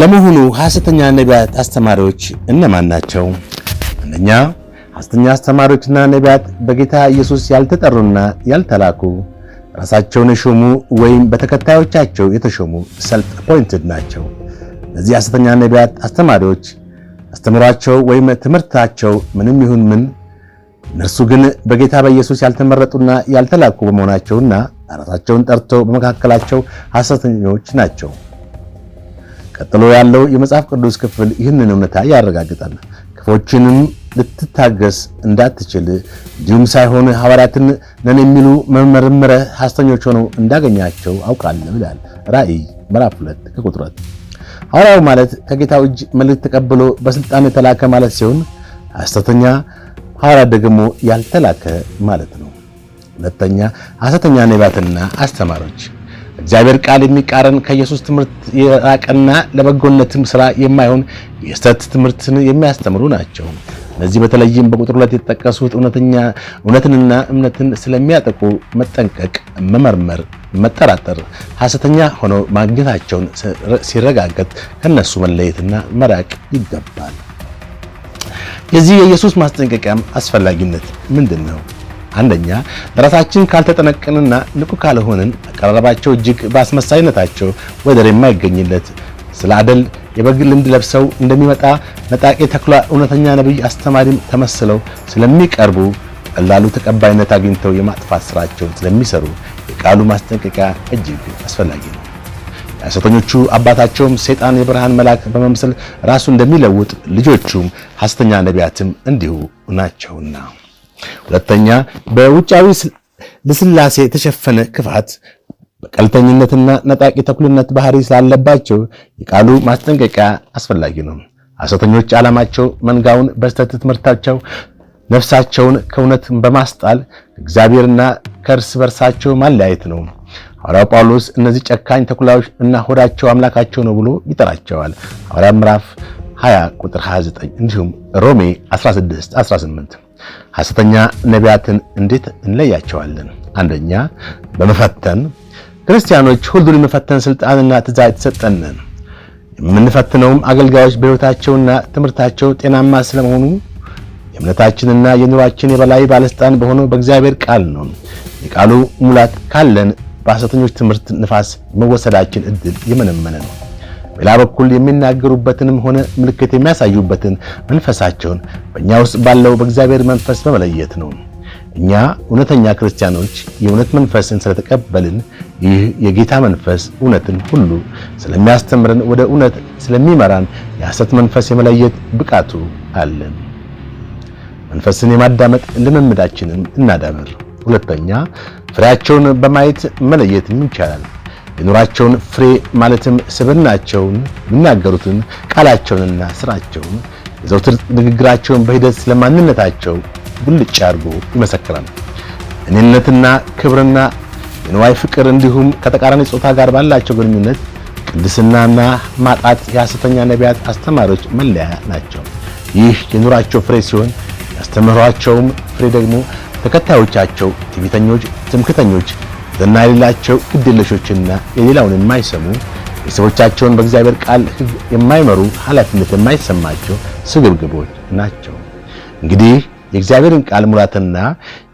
ለመሆኑ ሐሰተኛ ነቢያት አስተማሪዎች እነማን ናቸው? አንደኛ ሐሰተኛ አስተማሪዎችና ነቢያት በጌታ ኢየሱስ ያልተጠሩና ያልተላኩ ራሳቸውን የሾሙ ወይም በተከታዮቻቸው የተሾሙ ሰልፍ ፖይንትድ ናቸው። እነዚህ ሐሰተኛ ነቢያት አስተማሪዎች አስተምሯቸው ወይም ትምህርታቸው ምንም ይሁን ምን እነርሱ ግን በጌታ በኢየሱስ ያልተመረጡና ያልተላኩ በመሆናቸውና ራሳቸውን ጠርተው በመካከላቸው ሐሰተኞች ናቸው። ቀጥሎ ያለው የመጽሐፍ ቅዱስ ክፍል ይህንን እውነታ ያረጋግጣል። ክፎችንም ልትታገስ እንዳትችል እንዲሁም ሳይሆን ሐዋርያትን ነን የሚሉ መመርመረ ሐሰተኞች ሆነው እንዳገኛቸው አውቃለሁ ይላል ራእይ ምዕራፍ 2 ከቁጥረት ሐዋርያው ማለት ከጌታው እጅ መልእክት ተቀብሎ በስልጣን የተላከ ማለት ሲሆን ሐሰተኛ ሐዋርያ ደግሞ ያልተላከ ማለት ነው። ሁለተኛ ሐሰተኛ ነቢያትና አስተማሪዎች እግዚአብሔር ቃል የሚቃረን ከኢየሱስ ትምህርት የራቀና ለበጎነትም ስራ የማይሆን የስተት ትምህርትን የሚያስተምሩ ናቸው። እነዚህ በተለይም በቁጥር ሁለት የተጠቀሱት እውነትንና እምነትን ስለሚያጠቁ መጠንቀቅ፣ መመርመር፣ መጠራጠር፣ ሐሰተኛ ሆነው ማግኘታቸውን ሲረጋገጥ ከነሱ መለየትና መራቅ ይገባል። የዚህ የኢየሱስ ማስጠንቀቂያም አስፈላጊነት ምንድን ነው? አንደኛ በራሳችን ካልተጠነቀንና ንቁ ካልሆንን አቀራረባቸው እጅግ በአስመሳይነታቸው ወደር የማይገኝለት ስለ አደል የበግ ልምድ ለብሰው እንደሚመጣ ነጣቂ ተኩላ እውነተኛ ነብይ አስተማሪም ተመስለው ስለሚቀርቡ ቀላሉ ተቀባይነት አግኝተው የማጥፋት ስራቸውን ስለሚሰሩ የቃሉ ማስጠንቀቂያ እጅግ አስፈላጊ ነው። የሐሰተኞቹ አባታቸውም ሰይጣን የብርሃን መልአክ በመምሰል ራሱ እንደሚለውጥ ልጆቹም ሐሰተኛ ነቢያትም እንዲሁ ናቸውና ሁለተኛ በውጫዊ ልስላሴ የተሸፈነ ክፋት በቀልተኝነትና ነጣቂ ተኩልነት ባህሪ ስላለባቸው የቃሉ ማስጠንቀቂያ አስፈላጊ ነው። ሐሰተኞች ዓላማቸው መንጋውን በስተት ትምህርታቸው ነፍሳቸውን ከእውነት በማስጣል እግዚአብሔርና ከእርስ በርሳቸው ማለያየት ነው። ሐዋርያው ጳውሎስ እነዚህ ጨካኝ ተኩላዎች እና ሆዳቸው አምላካቸው ነው ብሎ ይጠራቸዋል። ሐዋርያ ምዕራፍ 20 ቁጥር 29 እንዲሁም ሮሜ 16 18 ሐሰተኛ ነቢያትን እንዴት እንለያቸዋለን? አንደኛ በመፈተን ክርስቲያኖች ሁሉን የመፈተን ስልጣንና ትእዛዝ የተሰጠንን የምንፈትነውም አገልጋዮች በሕይወታቸውና ትምህርታቸው ጤናማ ስለመሆኑ የእምነታችንና የኑሯችን የበላይ ባለስልጣን በሆነው በእግዚአብሔር ቃል ነው። የቃሉ ሙላት ካለን በሐሰተኞች ትምህርት ንፋስ መወሰዳችን እድል የመነመነ ነው። በሌላ በኩል የሚናገሩበትንም ሆነ ምልክት የሚያሳዩበትን መንፈሳቸውን በእኛ ውስጥ ባለው በእግዚአብሔር መንፈስ በመለየት ነው። እኛ እውነተኛ ክርስቲያኖች የእውነት መንፈስን ስለተቀበልን ይህ የጌታ መንፈስ እውነትን ሁሉ ስለሚያስተምረን ወደ እውነት ስለሚመራን የሐሰት መንፈስ የመለየት ብቃቱ አለን። መንፈስን የማዳመጥ ልምምዳችንን እናዳብር። ሁለተኛ ፍሬያቸውን በማየት መለየትም ይቻላል። የኑሯቸውን ፍሬ ማለትም ስብናቸውን፣ የሚናገሩትን ቃላቸውንና ስራቸውን፣ የዘውትር ንግግራቸውን በሂደት ስለማንነታቸው ጉልጭ አድርጎ ይመሰክራል። እኔነትና ክብርና የንዋይ ፍቅር እንዲሁም ከተቃራኒ ጾታ ጋር ባላቸው ግንኙነት ቅድስናና ማጣት የሐሰተኛ ነቢያት አስተማሪዎች መለያ ናቸው። ይህ የኑሯቸው ፍሬ ሲሆን ያስተምሯቸውም ፍሬ ደግሞ ተከታዮቻቸው ትዕቢተኞች፣ ትምክተኞች ዝና የሌላቸው ግዴለሾችና የሌላውን የማይሰሙ ቤተሰቦቻቸውን በእግዚአብሔር ቃል ሕግ የማይመሩ ኃላፊነት የማይሰማቸው ስግብግቦች ናቸው። እንግዲህ የእግዚአብሔርን ቃል ሙላትና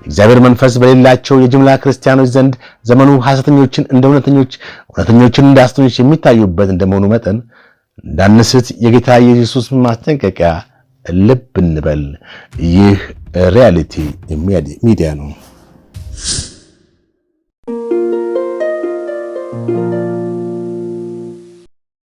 የእግዚአብሔር መንፈስ በሌላቸው የጅምላ ክርስቲያኖች ዘንድ ዘመኑ ሐሰተኞችን እንደ እውነተኞች፣ እውነተኞችን እንደ ሐሰተኞች የሚታዩበት እንደመሆኑ መጠን እንዳንስት የጌታ የኢየሱስ ማስጠንቀቂያ ልብ እንበል። ይህ ሪያሊቲ ሚዲያ ነው።